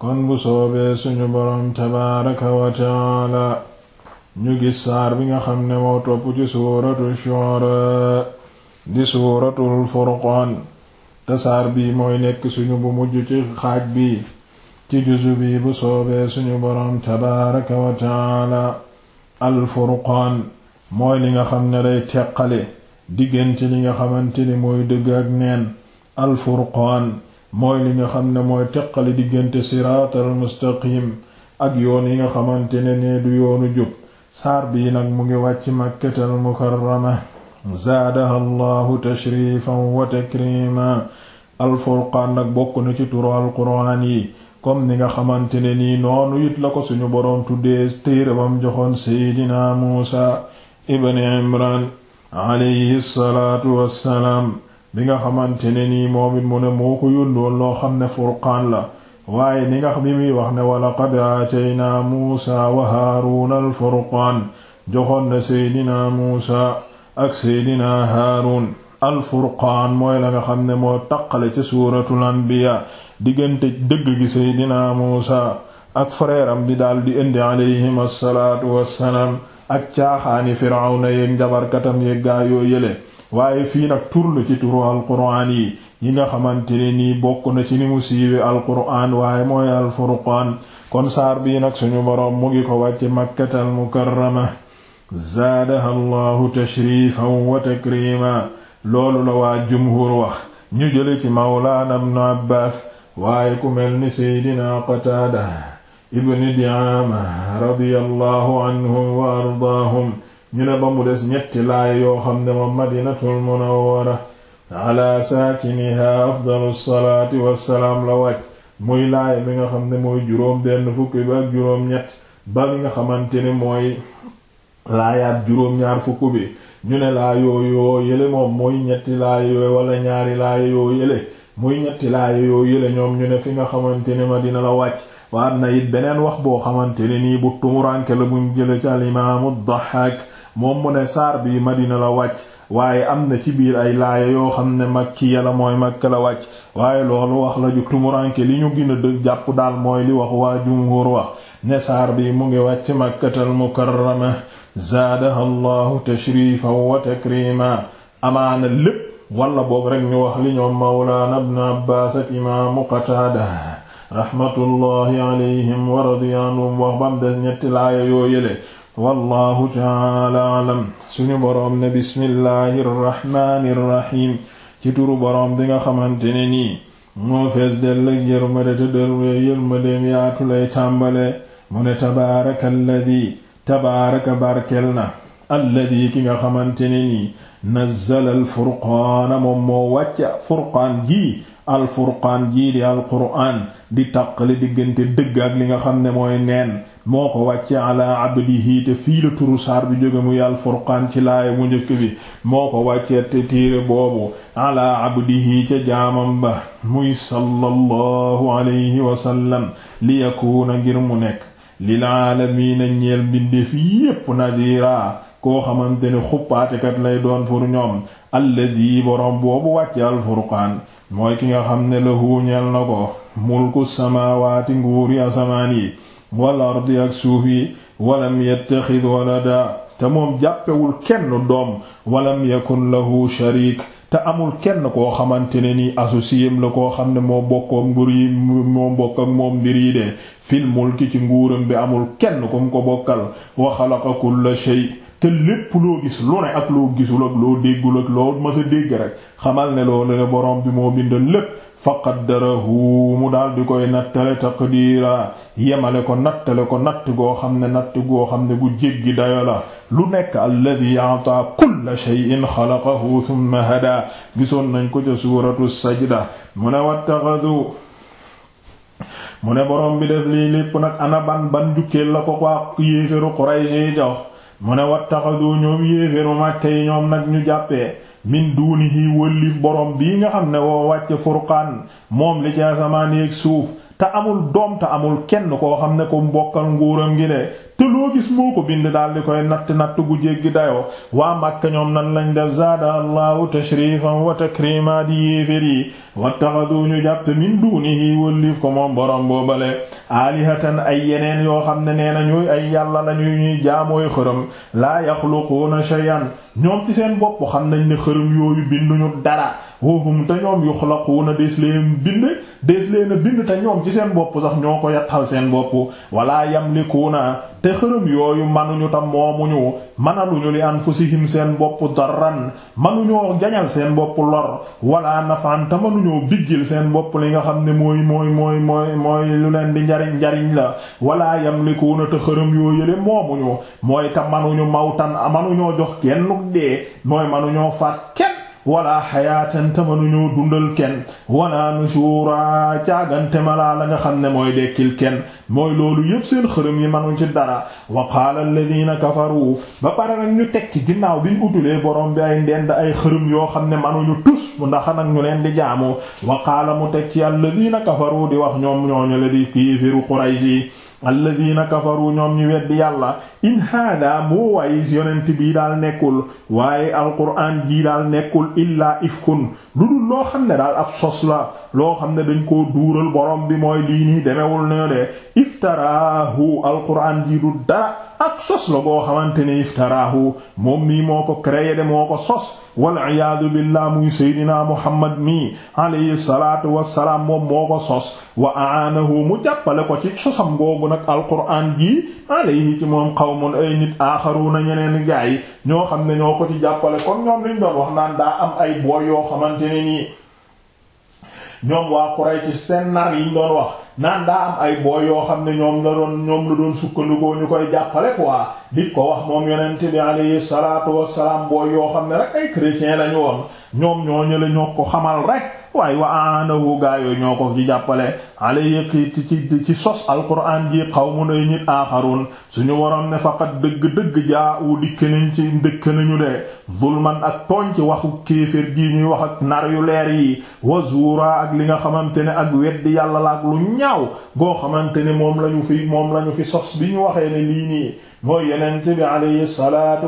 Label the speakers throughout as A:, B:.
A: kon bu soobee suñu boroom tabaaraka wa taala ñu gis saar bi nga xam ne moo topp ci suuratu Shu'ara di suuratul Furqaan te saar bi mooy nekk suñu bu mujj ci xaaj bi ci juzu bu soobee suñu boroom tabaaraka wa taala al Furqaan mooy li nga xam ne day teqale diggante li nga xamante ni mooy dëgg ak neen al Furqaan mooy li nga xam ne mooy teqali diggante siraatal mustaqim ak yoon yi nga xamante ne nee du yoonu jub saar bii nag mu ngi wàcc makkatal mukarrama zaadaha allahu tashrifan wa takrima alfurqaan nag bokk na ci turu alquraan yi comme ni nga xamante ne nii noonu it la ko suñu boroom tuddee téere bam joxoon seydina muusa ibn imran alayhi salaatu wassalaam bi nga xamante ne nii moom mu ne moo ko yónnoon loo xam ne furqaan la waaye ni nga xam ni muy wax ne walaqad aataynaa muusa wa haaruuna alfurqaan joxoon na seydinaa muusa ak seydinaa haaruun alfurqaan mooy la nga xam ne moo taqale ca suuratul anbiya diggante dëgg gi seydinaa muusa ak frère di daal di indi alayhim assalaatu wassalaam ak caaxaani firawna yeeg njabarkatam yeeg gaayoo yële waaye fii nag tur la ci turu alquraan yi yi nga xamante ne nii bokk na ci ni mu alquraan waaye mooy alfurqaan kon saar bii nag suñu boroom mu ngi ko wàcce makkata almukarrama zaadaha allahu tashrifan wa takrima loolu la waa jumhur wax ñu jële ci mawlaana ibnu abbaas waaye ku mel ni seydina qataada ibni diaama radiyallahu anhum wa ardaahum ñu ne ba mu des ñetti laaya yoo xam ne ma madinatul munawwara ala saakiniha afdalu salaati wassalaam la wàcc muy laaya bi nga xam ne mooy juróom benn fukki bi ak juróom ñett ba mi nga xamante ne mooy laayaat juróom-ñaar fukk bi ñu ne laa yoo yële moom mooy ñetti laaya wala ñaari laaya yoo yële muy ñetti laaya yoo yële ñoom ñu ne fi nga xamante ma dina la wàcc waat na it beneen wax boo xamante ne nii bu tumuranke la buñ jële ci al imaamu moom mu ne saar bi madina la wàcc waaye am na ci biir ay laaya yoo xam ne makkiya la mooy makka la wàcc waaye loolu wax la ju tumuranke li ñu gën a jàpp daal mooy li wax waa jumhur wax ne saar bi mu ngi wàcc makkatal mukarrama zaadaha allahu tashrifan wa takrima amaana lépp walla boog rek ñu wax li ñoom mawlaana ibn abbaas ak imaamu qataada rahmatullahi wa radiyallahu anhum wax bam des ñetti laaya yoo yële wallahu taala alam suñu boroom ne bismillahi rrahmani rrahim ci turu boroom bi nga xamante ni nii moo fees dell ak yërmande te dër yërmandeem yaatu lay tàmbale mu ne tabaaraka alladi tabaaraka barkel na alladi ki nga xamante ni nii nazzala alfurqaana moom moo wàcca furqaan gii alfurqaan gii di alquraan di tàqale diggante dëgg ak li nga xam ne mooy neen moo ko wàccee ala abdihi te fii la turu saar bi jóge mu yàl furqaan ci laaya mu njëkk bi moo ko wàccee te téere boobu ala abdihi ca jaamam ba muy sallallahu alayhi wasallam li yakuuna ngir mu nekk lil aalamiina ñeel mbindeef yépp nadiraa koo xamante ne xuppaatekat lay doon pour ñoom alladi boroom boobu wàcce alfurqaan mooy ki nga xam ne lahu ñeel na ko mulku samaawaati nguuri asamaan yi wal ardi ak suuf yi walam yattaxid walada te moom jàppewul kenn doom walam yakun lahu sharik te amul kenn koo xamante ne nii associé la koo xam ne moo bokk ak mbir moom mbir yi de fil ki ci nguuram bi amul kenn ku mu ko bokkal wa xalaqa kulla shay te lépp loo gis lu ne ak loo gisul ak loo déggul ak loo mës a dégg rek xamal ne loolu ne borom bi moo bind lépp. fa qaddarahu mu daal di koy nattale taqdiira yemale ko nattale ko natt goo xam ne natt goo xam ne bu jéggi dayo la lu nekk a a'ta kulla shay'in xalaqahu thumma hada gisoon nañ ko ca suuratu sajda mu ne wattaxadu mu ne boroom bi def lii lépp nag ana ban ban njukkeel la ko waa yéeféru Quraysh yi jox mu ne wattaxadu ñoom yéeféru Makka yi ñoom nag ñu jàppee min duunihi wëllif borom bi nga xam ne woo wàcce furqaan moom li ci asamaan yeeg suuf te amul doom te amul kenn koo xam ne ko mbokkal nguuram gi de te loo gis moo ko bind daal di koy natt natt gu jéggi dayoo waa Makka ñoom nan lañ def zaada allahu tashrifan wa takrima di yéefér yi wattaxadu ñu jàpte min dunihi wëlliif ko moom borom boobale aalihatan ay yeneen yoo xam ne nee na ñuy ay yàlla la ñuy ñuy jaamooy xërëm laa yaxluquuna shay'an ñoom ci seen bopp xam nañ ne xërëm yooyu binduñu dara wahum te ñoom yuxlaquuna des leen bind des leen a bind te ñoom ci seen bopp sax ñoo ko yattal seen bopp te xërëm yooyu manuñu tam moomuñu fu si anfusihim seen bopp darran manuñoo jañal seen bopp lor wala nafaan te manuñoo biggil seen bopp li nga xam ne mooy mooy mooy mooy lu leen di njariñ njariñ la wala yamlikuuna te xërëm yoo yële moomuñu mooy te manuñu mawtan manuñoo jox kenn dee mooy manuñoo faat kenn wala xayaatan nu mënuñoo dundal kenn wala nushura caagante ma laa la nga xam ne mooy dekkil kenn mooy loolu yépp seen xërëm yi manu ci dara wa qaala alladina kafaru ba pare nag ñu teg ci ginnaaw biñ utulee borom bi ay ndend ay xërëm yoo xam ne manuñu tus ndax nag ñu leen di jaamu wa qaala mu teg ci alladina kafaru di wax ñoom ñooñu la di kiifiru Quraysh alladina kafaru ñoom ñu weddi yàlla in hada moo waaye yonent bii daal nekkul waaye alquran jii daal nekkul illaa ifkun lu dul loo xam ne daal ab sos la loo xam ne dañ koo duural borom bi mooy lii nii demewul noo de iftaraahu alquran jii du dara ak sos la boo xamante ne iftaraahu moom mii moo ko créé de moo ko sos waliyadu billah muy seydina muhammad mi alayhi salatu wasalaam moom moo ko sos wa aanahu mu jàppale ko ci sosam googu nag jii alayhi ci moom qawmun ay nit aaxaruuna ñeneen gaa yi ñoo xam ne ñoo ko ci jàppale kon ñoom liñ doon wax naan daa am ay booy yoo xamante ne nii ñoom waa Quraysh ci seen nar yiñ doon wax naan daa am ay booy yoo xam ne ñoom la doon ñoom la doon sukkandikoo ñu koy jàppale waa di ko wax moom yonent bi alayhi salaatu wassalaam booy yoo xam ne rek lañu woon ñoom ñoo ñële ñoo ko xamal rek. waaye wa aanahu gaa yooyu ñoo ko ci jàppale alayhi ci ci ci sos alquran ji qawmun ay nit aaxarun suñu waroon ne faqat dëgg-dëgg jaa u dikk nañ ci ndëkk nañu de zulman ak tooñ ci waxu kéeféer gi ñuy wax ak nar yu leer yi wa zuura ak li nga xamante ne ak weddi yàlla la ak lu ñaaw goo xamante ne moom lañu fi moom lañu fi sos bi ñu waxee ne lii nii mooy yeneen ci bi alayhi salaatu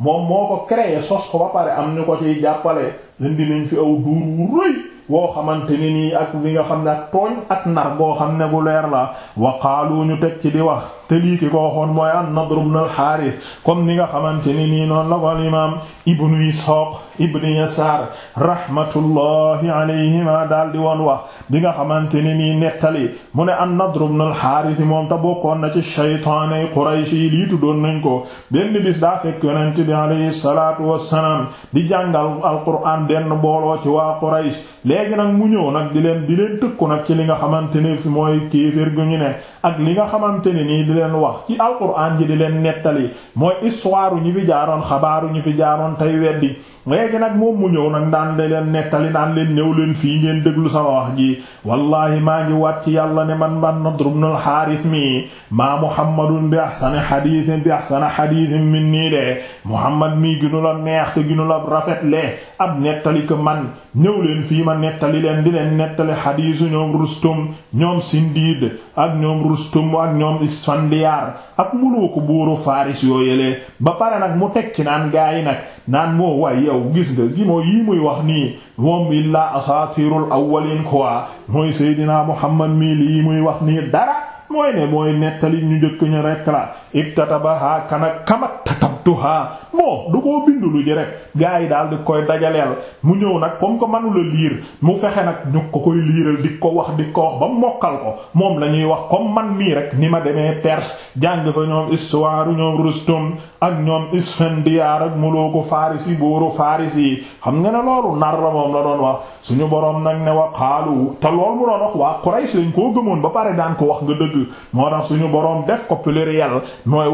A: moom moo ko créé sos ko ba pare am ñu ko ciy jàppale indi nañ fi aw duur wu rëy woo xamante ne nii ak li nga xam ne ak tooñ ak nar boo xam ne gu leer la wa qaalu ñu teg ci di wax te lii ki ko waxoon mooy an-Nadr ibn al-Harith comme ni nga xamante ne nii noonu la ko al imaam ibnu Ishaq ibnu Yasaar rahmatullahi alayhima daal di wan wax bi nga xamante ni nii nettali mu ne an-Nadr ibn al-Harith moom ta bokkoon na ci shaytaanay Quraysh yi lii tuddoon nañ ko benn bis daa fekk yonent bi alayhi salaatu wassalaam di jàngal al-Qur'aan denn mbooloo ci waa Quraysh léegi nag mu ñëw nag di leen di leen tëkku nag ci li nga xamante ne fi mooy kéefér gu ñu ne ak li nga xamante ne nii di leen wax ci alquran ji di leen nettali mooy histoire ñu fi jaaroon xabaaru ñu fi jaaroon tey weddi léegi nag moom mu ñëw nag daan da leen nettali daan leen ñëw leen fii ngeen déglu sama wax ji wallahi maa ngi wat ci yàlla ne man man Nadr ibn al-Harith mi maa Muhammadun bi ahsani hadithin bi ahsani hadithin min nii de Muhammad mii ginu la neex te ginu la rafet le ab nettali ko man ñëw leen fii ma nettali leen di leen nettali xadiisu ñoom rustum ñoom sindiid ak ñoom rustum ak ñoom isfandiyaar ak muluuku buuru faaris yoo yëlee ba pare nag mu tekki naan gaa yi nag naan moo waay yow gis nga gi moo yii muy wax nii moom illaa asaatirul awwalin quoi mooy seydinaa muhammad mii lii muy wax nii dara mooy ne mooy nettali ñu njëkk ñu rekk la ibtatabaha kanak kamak katabtuha moo du koo bindulu ji rek gars yi daal di koy dajaleel mu ñëw nag comme que mënula liir mu fexe nag ñu ko koy liiral di ko wax di ko wax ba mokkal ko moom la ñuy wax comme man mii rek ni ma demee Perse jàng fa ñoom histoire ñoom Rustum ak ñoom Isfandiyaar ak mulooku Farisi buuru Farisi xam nga ne loolu nar la moom la doon wax suñu boroom nag ne wa xaalu te loolu mu doon wax waa Quraysh lañ koo gëmoon ba pare daan ko wax nga dëgg moo tax suñu boroom def ko pluriel mooy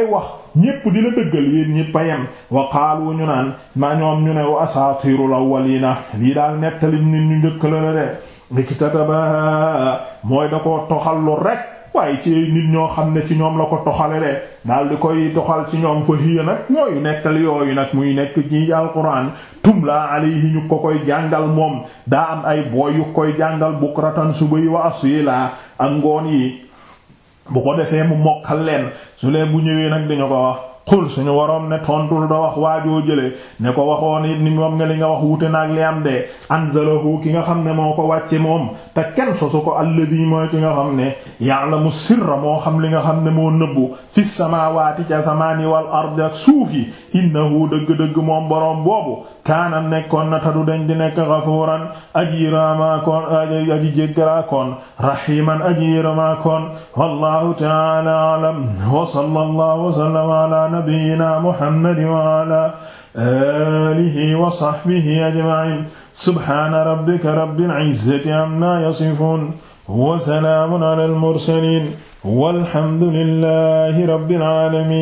A: ngay wax ñépp di la dëggal yéen ñépp a wa qaalu ñu naan ma ñoom ñu ne wa asaatirul awwalina lii daal nettali nit ñu njëkk la la de mooy da ko toxallu rek waaye ci nit ñoo xam ne ci ñoom la ko toxale de daal di koy toxal ci ñoom fa hiya nag ñooyu nettali yooyu nag muy nekk ci alquran tumla alayhi ñu ko koy jàngal moom daa am ay booy yu koy jàngal bukratan suba yi wa asila ak ngoon yi bu ko defee mu mokkal leen su lee bu ñëwee nag dañu ko wax xul suñu waroom ne tontul da wax waajoo jëlee ne ko waxoon it ni moom nga li nga wax wute naag li am de anzalahu ki nga xam ne moo ko wàcce moom te kenn sosu ko alladi mooy ki nga xam ne la mu sirra moo xam li nga xam ne moo nëbbu fi samaawaati ca samaani wal ard ak suuf yi innahu dëgg-dëgg moom boroom boobu kaana nekkoon na tadu dañ di nekk gafuuran aji yërëmaa koon aji jéggalaa koon rahiman aji yërëmaa koon wallahu ta'ala a'lam wa sallallahu wa sallama ala nabiyyina muhammadin wa ala alihi wa sahbihi ajma'in subhana rabbika rabbil izzati amma yasifun wa salamun ala al mursalin walhamdulillahi rabbil alamin